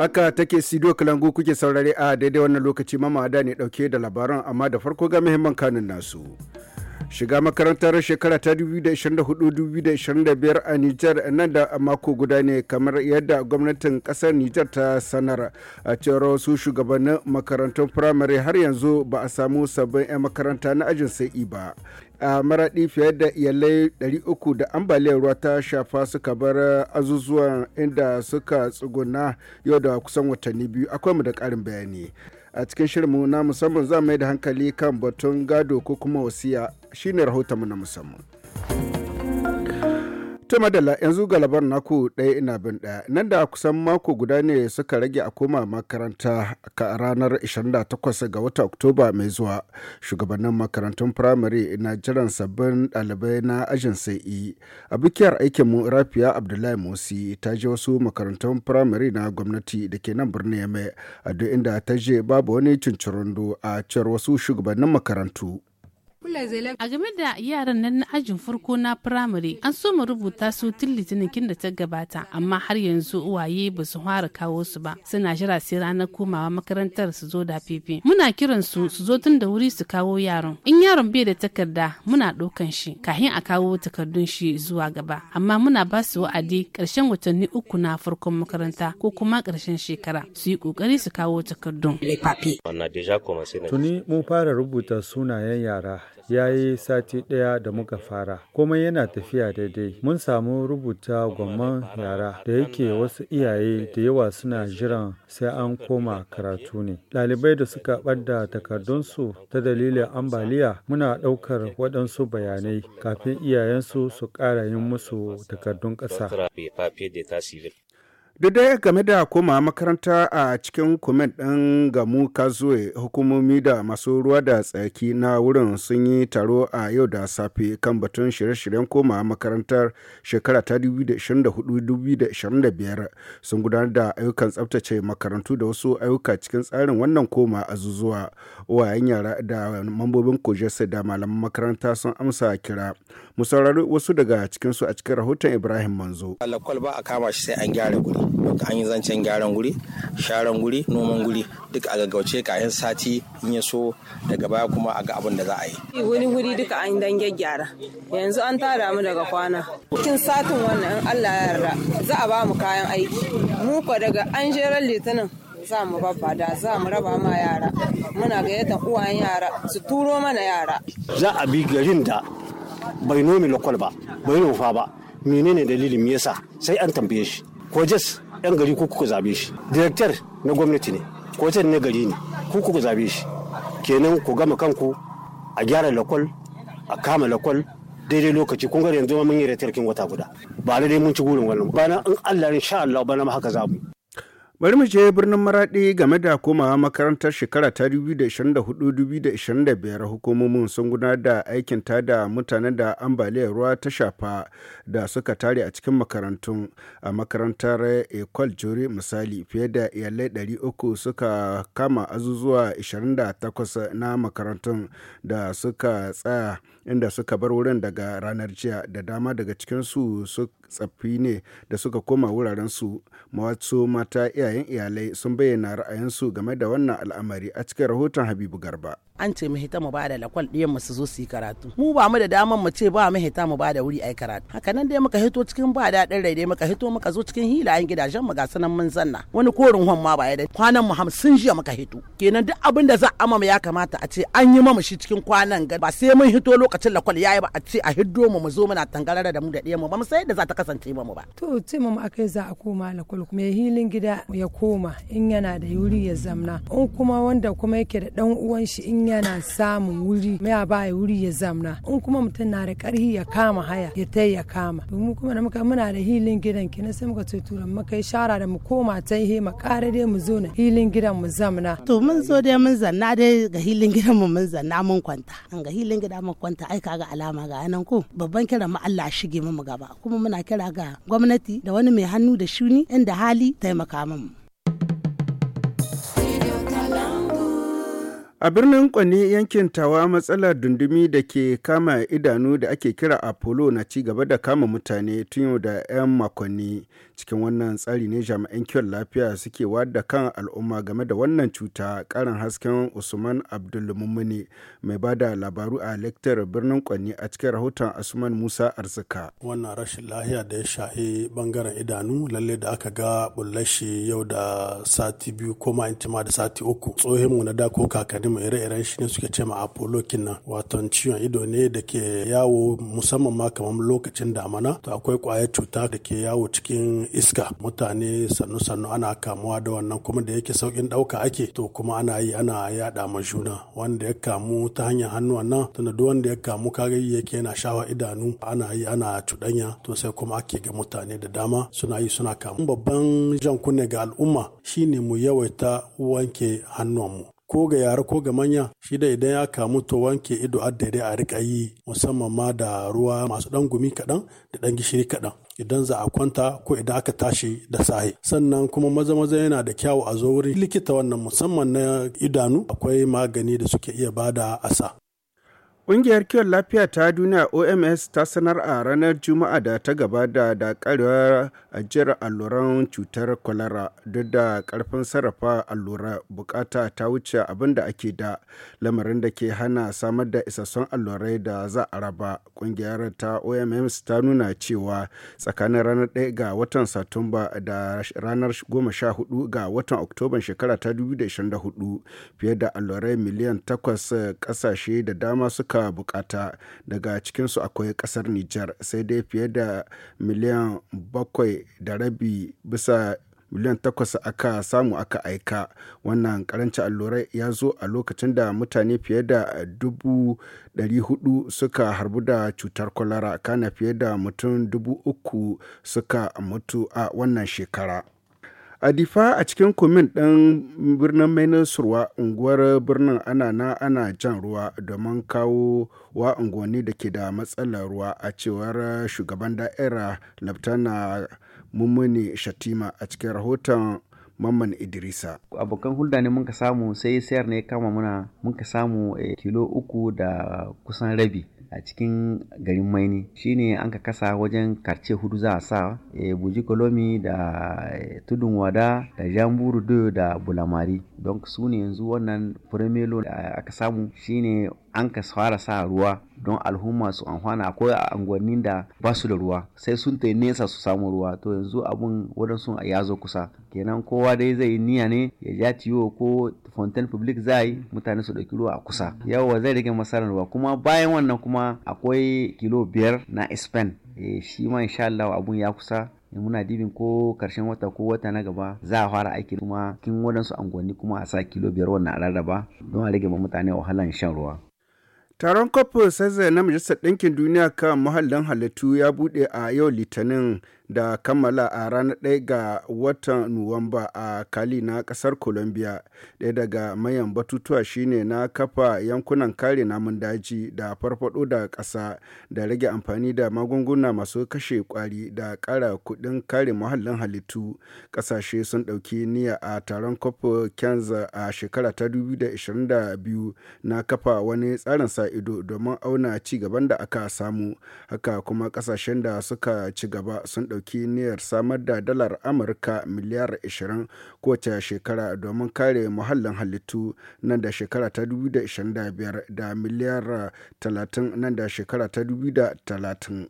Haka take Sido Kalangu kuke saurare a daidai wannan lokaci mama da ne dauke da labaran amma da farko ga muhimman kanun nasu. shiga makarantar shekara ta 2024-2025 a Nijar nan da mako guda ne kamar yadda gwamnatin kasar Nijar ta sanar a cewar wasu shugabannin makarantun firamare har yanzu ba a samu sabbin 'yan makaranta na ajin sai e ba. a maraɗi fiye da iyalai 300 da ambaliyar ruwa ta shafa suka bar azuzuwan inda suka tsuguna yau da kusan watanni biyu akwai mu da ƙarin bayani a cikin shirinmu na musamman za mai da hankali kan batun gado ko kuma wasiya shine rahotonmu na musamman. ta madalla yanzu ga labar naku ɗaya ina bin ɗaya nan da kusan mako guda ne suka rage a koma makaranta ka ranar 28 ga watan oktoba mai zuwa shugabannin makarantun firamare na jiran sabbin ɗalibai na ajin sai e. a bikiyar aikinmu rafiya abdullahi musi ta je wasu makarantun firamare na gwamnati da ke nan birnin yame a duk inda ta je babu wani cincirundo a cewar wasu shugabannin makarantu A game da yaran nan na ajin farko na firamare, an so mu rubuta su tun litinin da ta gabata, amma har yanzu uwaye ba su fara kawo su ba. Suna jira sai ranar komawa makarantar su zo da fifi. Muna kiran su su zo tun da wuri su kawo yaron. In yaron bai da takarda, muna ɗaukan shi kahin a kawo takardun shi zuwa gaba. Amma muna ba su wa'adi ƙarshen watanni uku na farkon makaranta ko kuma ƙarshen shekara su yi ƙoƙari su kawo takardun. Tuni mun fara rubuta sunayen yara ya yi sati ɗaya da muka fara. Komai yana tafiya daidai. Mun samu rubuta gwamman yara da yake wasu iyaye da yawa suna jiran sai an koma karatu ne. Ɗalibai da suka ɓadda takardunsu ta dalilin ambaliya muna ɗaukar waɗansu bayanai kafin iyayensu su ƙara yin musu takardun ƙasa. duk da game da koma makaranta a cikin kumin ɗin gamu kazuwe hukumomi da masu ruwa da tsaki na wurin sun yi taro a yau da safe kan batun shirye-shiryen koma makarantar shekara ta 2024-2025 sun gudanar da ayyukan tsabtace makarantu da wasu ayyuka cikin tsarin wannan koma a zuzuwa wayan yara da mambobin kojese da malaman makaranta sun amsa kira mu saurari wasu daga cikinsu a cikin rahoton ibrahim manzo ba a kama shi sai an gyara guri an yi zancen gyaran guri sharan guri noman guri duk a gaggauce kayan sati in ya so daga baya kuma a ga abin da za a yi wani guri duka an dan gyaggyara yanzu an tara mu daga kwana cikin satin wannan in Allah ya yarda za a ba mu kayan aiki mu ko daga an jeran litinin za mu da za mu raba ma yara muna gayyatar uwayen yara su turo mana yara za a bi garin da bai nomi lokal ba bai nufa ba menene dalilin me yasa sai an tambaye shi kojes yan gari ku kuka zabe shi director na gwamnati ne kojes na gari ne ku kuka zabe shi kenan ku gama kanku a gyara lakwal a kama lakwal daidai lokaci kun ga yanzu mun yi retirkin wata guda ba dai mun ci gurin wannan bana in Allah insha Allah bana ma haka za Bari mu je birnin Maraɗi game da komawa makarantar shekara ta 2024-2025 hukumomin sun gudanar da aikin da mutanen da ambaliyar ruwa ta shafa da suka tare a cikin makarantun a makarantar Ecole Jure misali fiye da iyalai 300 suka kama azuzuwa 28 na makarantun da suka tsaya inda suka bar wurin daga ranar jiya da dama daga cikinsu su tsaffi ne da suka koma wurarensu mawasu mata iya iyayen iyalai sun bayyana ra'ayinsu game da wannan al'amari a cikin rahoton Habibu Garba. an ce mu hita mu ba da lakwal ɗiyan mu zo su yi karatu mu ba mu da daman mu ce ba mu hita mu ba da wuri ai karatu haka nan dai muka hito cikin ba daɗin rai dai muka hito muka zo cikin hilayen gidajen mu ga sanan mun zanna wani korin hon ma ba ya da kwanan mu hamsin jiya muka hito kenan duk abin da za a mama ya kamata a ce an yi mamu shi cikin kwanan ga ba sai mun hito lokacin lakwal ya yi ba a ce a hiddo mu mu zo muna tangarar da mu da ɗiyan mu ba mu sai da za ta kasance mu ba to ce mamu akai za a koma lakwal mai hilin gida ya koma in yana da yuri ya zamna in kuma wanda kuma yake da dan uwan shi in yana samun wuri a baya wuri ya zamna in kuma mutum na da karhi ya kama haya ya ta ya kama domin kuma da muka muna da hilin gidan ki na sai muka ce tura muka yi shara da mu koma ta yi mu kare dai mu zo na hilin gidan mu zamna to mun zo dai mun zanna dai ga hilin gidan mu mun zanna mun kwanta an ga hilin gidan mu kwanta ai kaga alama ga nan ko babban kira mu Allah shige mu gaba kuma muna kira ga gwamnati da wani mai hannu da shuni inda hali taimaka mu A birnin Kwani yankin Tawa matsalar dundumi da ke kama idanu da ake kira Apollo na ci gaba da kama mutane tun yau da 'yan makonni. cikin wannan tsari ne jami'an kiwon lafiya suke wadda kan al'umma game da wannan cuta karin hasken usman abdulmumini mai ba da labaru a lektar birnin kwanni a cikin rahoton asuman musa arzika wannan rashin lahiya da ya shahi bangaren idanu lalle da aka ga shi yau da sati biyu ko ma intima da sati uku tsohon mu na da ko kakanni mu ire-iren shi ne suke ce ma apollo kinna waton ciwon ido ne da ke yawo musamman ma kamar lokacin damana to akwai kwayar cuta da ke yawo cikin iska mutane sannu-sannu ana kamuwa da wannan kuma da yake saukin dauka ake to kuma ana yi ana yaɗa ma juna wanda ya kamu ta hanyar hannu nan tunda duk wanda ya kamu kaga yake yana shawa idanu ana yi ana cuɗanya to sai kuma ake ga mutane da dama suna yi suna kamu babban jan kunne ga al'umma shine mu yawaita wanke hannuwanmu ko ga yara ko ga manya shi da idan ya kamu to wanke ido daidai a riƙa yi musamman ma da ruwa masu ɗan gumi kaɗan da ɗan gishiri kaɗan idan za a kwanta ko idan aka tashi da sahi sannan kuma maza maza yana da kyawu a zo wuri likita wannan musamman na idanu akwai magani da suke iya bada asa Ƙungiyar kiwon lafiya ta duniya OMS ta sanar a ranar Juma'a da ta gaba da karewar ajiyar alluran cutar kwalara duk da ƙarfin sarrafa allura bukata ta wuce abin da ake da lamarin da ke hana samar da isassun allurai da za a raba. Ƙungiyar ta OMS ta nuna cewa tsakanin ranar 1 ga watan Satumba da ranar 14 ga watan Oktoban shekara ta 2024 fiye da allurai miliyan 8 ƙasashe da dama suka suka bukata daga cikinsu akwai kasar Nijar sai dai fiye da miliyan bakwai da rabi bisa miliyan takwas aka samu aka aika wannan karancin allurai ya zo a lokacin da mutane fiye da dubu dari hudu suka harbu da cutar kwalara kana fiye da mutum dubu uku suka mutu a wannan shekara. adifa a cikin kumin ɗin birnin surwa unguwar birnin ana na ana jan ruwa domin kawo wa unguwanni da ke da matsalar ruwa a cewar shugaban da'ira Laftana Mummuni Shatima a cikin rahoton Mamman Idrisa. Abokan hulɗa ne muka samu sai sayar ne kama muna muka samu eh, kilo uku da kusan rabi a cikin garin maini shine an ka kasa wajen karce hudu za a sa eh, buji kolomi da eh, tudun wada da jamburu da bulamari don su ne yanzu wannan firimelo da aka samu shine an ka fara sa ruwa don al'umma su amfana akwai unguwannin da ba su da ruwa sai sun ta nesa su samu ruwa to yanzu abun wadansu ya zo kusa kenan kowa dai zai niya ne ya ja tiyo ko fontaine public zai mutane su ɗauki ruwa a kusa yawa zai rage masarar ruwa kuma bayan wannan kuma akwai kilo biyar na spain eh, shi ma insha Allah abun ya kusa muna dibin ko karshen wata ko wata na gaba za a fara aiki kuma kin waɗansu angonni kuma a sa kilo biyar wannan a rarraba don a rage ma mutane wahalan shan ruwa. Taron kofin zai na Majalisar Ɗinkin Duniya kan muhallin halittu ya buɗe a yau Litinin da kammala a ranar 1 ga watan Nuwamba a Kali na kasar Colombia. Ɗaya daga mayan batutuwa shine na kafa yankunan kare namun daji da farfado da ƙasa da rage amfani da magunguna masu kashe kwari da ƙara kuɗin kare muhallin halittu. Ƙasashe sun ɗauki niyya a taron COP Kenza a shekara ta 2022 na kafa wani tsarin sa ido domin auna ci gaban da aka samu. Haka kuma ƙasashen da suka ci gaba sun ɗauki ɗauki niyyar samar da dalar Amurka miliyar 20 kowace shekara domin kare muhallin halittu nan da shekara ta 2025 da miliyar 30 nan da shekara ta 2030.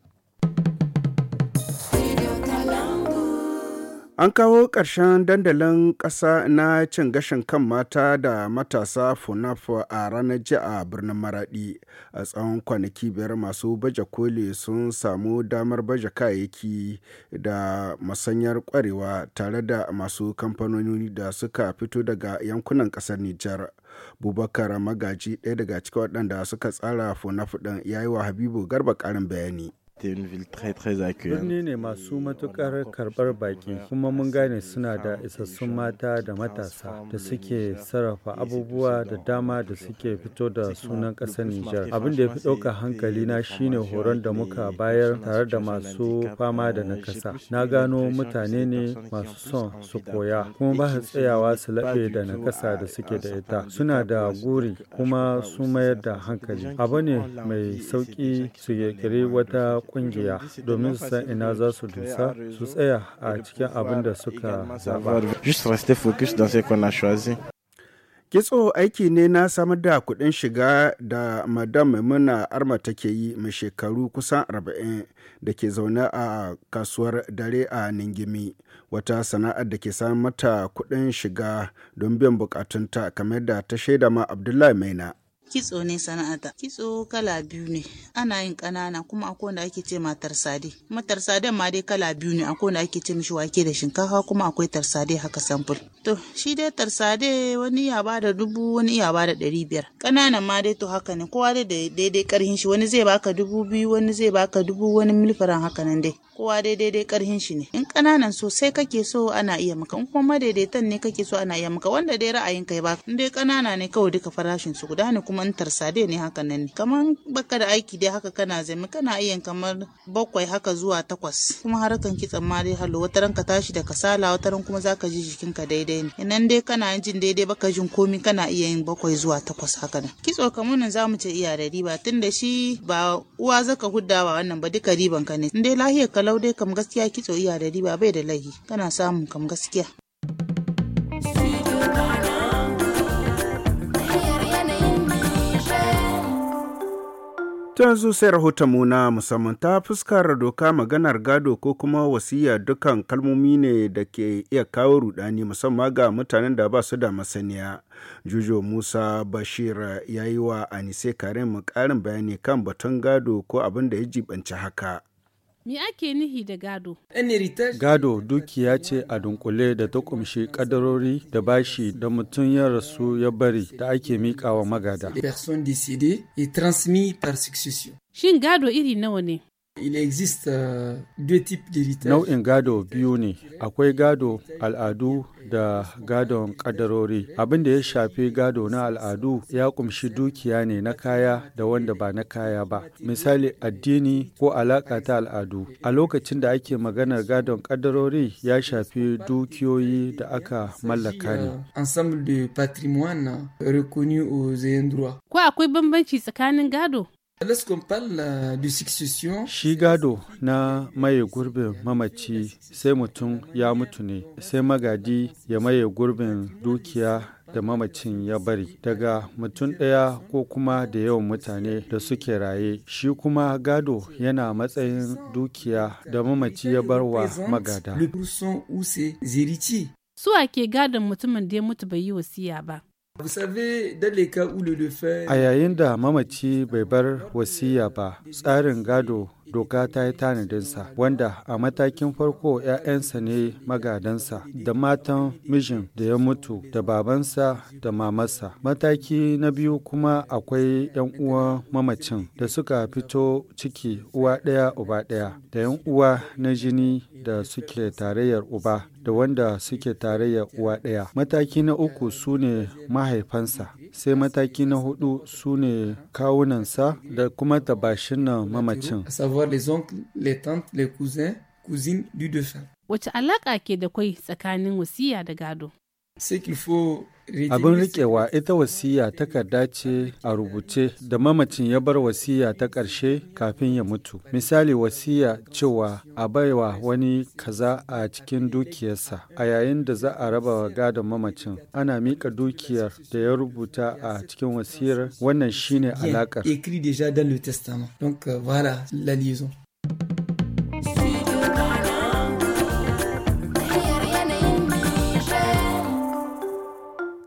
An kawo ƙarshen dandalin ƙasa na cin gashin kan mata da matasa FUNAF a ranar jiya a birnin Maraɗi. A tsawon kwanaki biyar masu baje koli sun samu damar baje kayayyaki da masanyar ƙwarewa tare da masu kamfanoni da suka fito daga yankunan ƙasar Nijar. Bubakar Magaji ɗaya daga cikin waɗanda suka tsara FUNAF ɗin ya yi wa Habibu Garba ƙarin bayani. Thionville très très Birni ne masu matuƙar karɓar baƙi kuma mun gane suna da isassun mata da matasa da suke sarrafa abubuwa da dama da suke fito da sunan ƙasar Nijar. Abin da ya fi ɗauka hankali na shine horon da muka bayar tare da masu fama da nakasa. Na gano mutane ne masu son su koya kuma ba tsayawa su laɓe da nakasa da suke da ita. Suna da guri kuma su mayar da hankali. Abu ne mai sauƙi su kirkiri wata kungiya domin su san ina za su dusa su tsaya a cikin abin da suka zaba. Kitso aiki ne na samar da kuɗin shiga da madam Maimuna Arma take yi mai shekaru kusan 40 da ke zaune a kasuwar dare a Ningimi, wata sana'ar da ke samar mata kuɗin shiga don biyan bukatunta kamar da ta shaida ma Abdullahi Maina. kitso ne sana'ata kitso kala biyu ne ana yin ƙanana kuma akwai wanda ake ce ma tarsade kuma tarsaden ma dai kala biyu ne akwai wanda ake ce mishi wake da shinkafa kuma akwai tarsade haka sampul. to shi dai tarsade wani iya ba da dubu wani iya ba da ɗari biyar ƙananan ma dai to haka ne kowa dai daidai ƙarhin shi wani zai baka dubu biyu wani zai baka dubu wani milfaran haka nan dai kowa dai daidai ƙarhin shi ne in ƙananan sosai kake so ana iya maka in kuma madaidaitan ne kake so ana iya maka wanda dai ra'ayin kai ba in dai ƙanana ne kawai duka farashin su guda ne kuma sa dai ne haka nan ne. kaman baka da aiki dai haka kana zama kana iya kamar bakwai haka zuwa takwas kuma harkan kitson ma dai halo wata ranka tashi da kasala wata ran kuma zaka ji jikin jikinka daidai ne nan dai kana jin daidai baka jin komi kana iya yin bakwai zuwa takwas haka nan kitso kamar nan zamu ce iya da riba tunda shi ba uwa zaka hudda ba wannan ba duka riban ka ne in dai lahiyar kalau dai kam gaskiya kitso iya da riba bai da lahi kana samun kam gaskiya To yanzu sai rahotonmu na musamman ta fuskar doka maganar gado ko kuma wasiya dukan kalmomi ne da ke iya kawo rudani musamman ga mutanen da ba su da masaniya. Jujo Musa Bashir ya yi wa Anise Karim karin bayani kan batun gado ko abin da ya jibanci haka. Me ake nihi da gado? Gado dukiya ce a dunkule da ta kumshi kadarori da bashi da mutum ya rasu ya bari da ake miƙawa magada. Shin gado iri nawa ne? Euh, Nau'in gado biyu ne, akwai gado al'adu da gadon ƙaddarori, Abin da ya shafi gado na al'adu ya kumshi dukiya ne na kaya da wanda ba na kaya ba, misali addini ko alaƙa ta al'adu. A lokacin da ake maganar gadon ƙaddarori, ya shafi dukiyoyi da aka mallaka ne. Ko akwai bambanci tsakanin gado Shi gado na maye gurbin mamaci sai mutum ya mutu ne, sai magadi ya maye gurbin dukiya da mamacin ya bari daga mutum ɗaya ko kuma da yawan mutane da suke raye shi kuma gado yana matsayin dukiya da mamaci ya bar wa magada. Suwa ke gadon mutumin da ya mutu bai yi wasiya ba. A yayin da mamaci bai bar wasiya ba, tsarin gado doka ta yi tanadinsa wanda a matakin farko 'ya'yansa ne magadansa da matan mijin da ya mutu da babansa da mamarsa mataki na biyu kuma akwai 'yan uwa mamacin da suka fito ciki uwa ɗaya uba ɗaya da 'yan uwa na jini da suke tarayyar uba da wanda suke tarayya uwa ɗaya. Mataki na uku su ne mahaifansa, sai mataki na hudu su ne kawunansa da kuma tabashin na mamacin. Wace alaƙa ke da kwai tsakanin wasiya da gado? Abin riƙewa ita wasiya takarda ce a rubuce da mamacin ya bar wasiya ta ƙarshe kafin ya mutu. Misali wasiya cewa a baiwa wani kaza a cikin dukiyarsa a yayin da za a raba wa gadon mamacin ana miƙa dukiyar da ya rubuta a cikin wasiyar wannan shine alaƙar.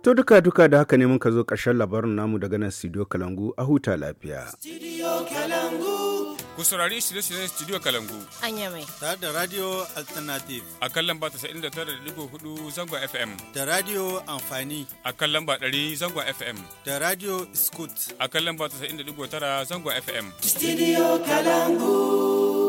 To duka duka da haka ne muka zo ƙarshen labarin namu daga nan studio Kalangu a huta lafiya. Studio Kalangu. Ku saurari shirye-shiryen studio Kalangu. Anya mai. Tare da Radio Alternative. A kan lamba hudu zangon FM. Da Radio Amfani. A kan lamba 100 zangon FM. Da Radio Scoot. A kan lamba tara zangon FM. Studio Kalangu.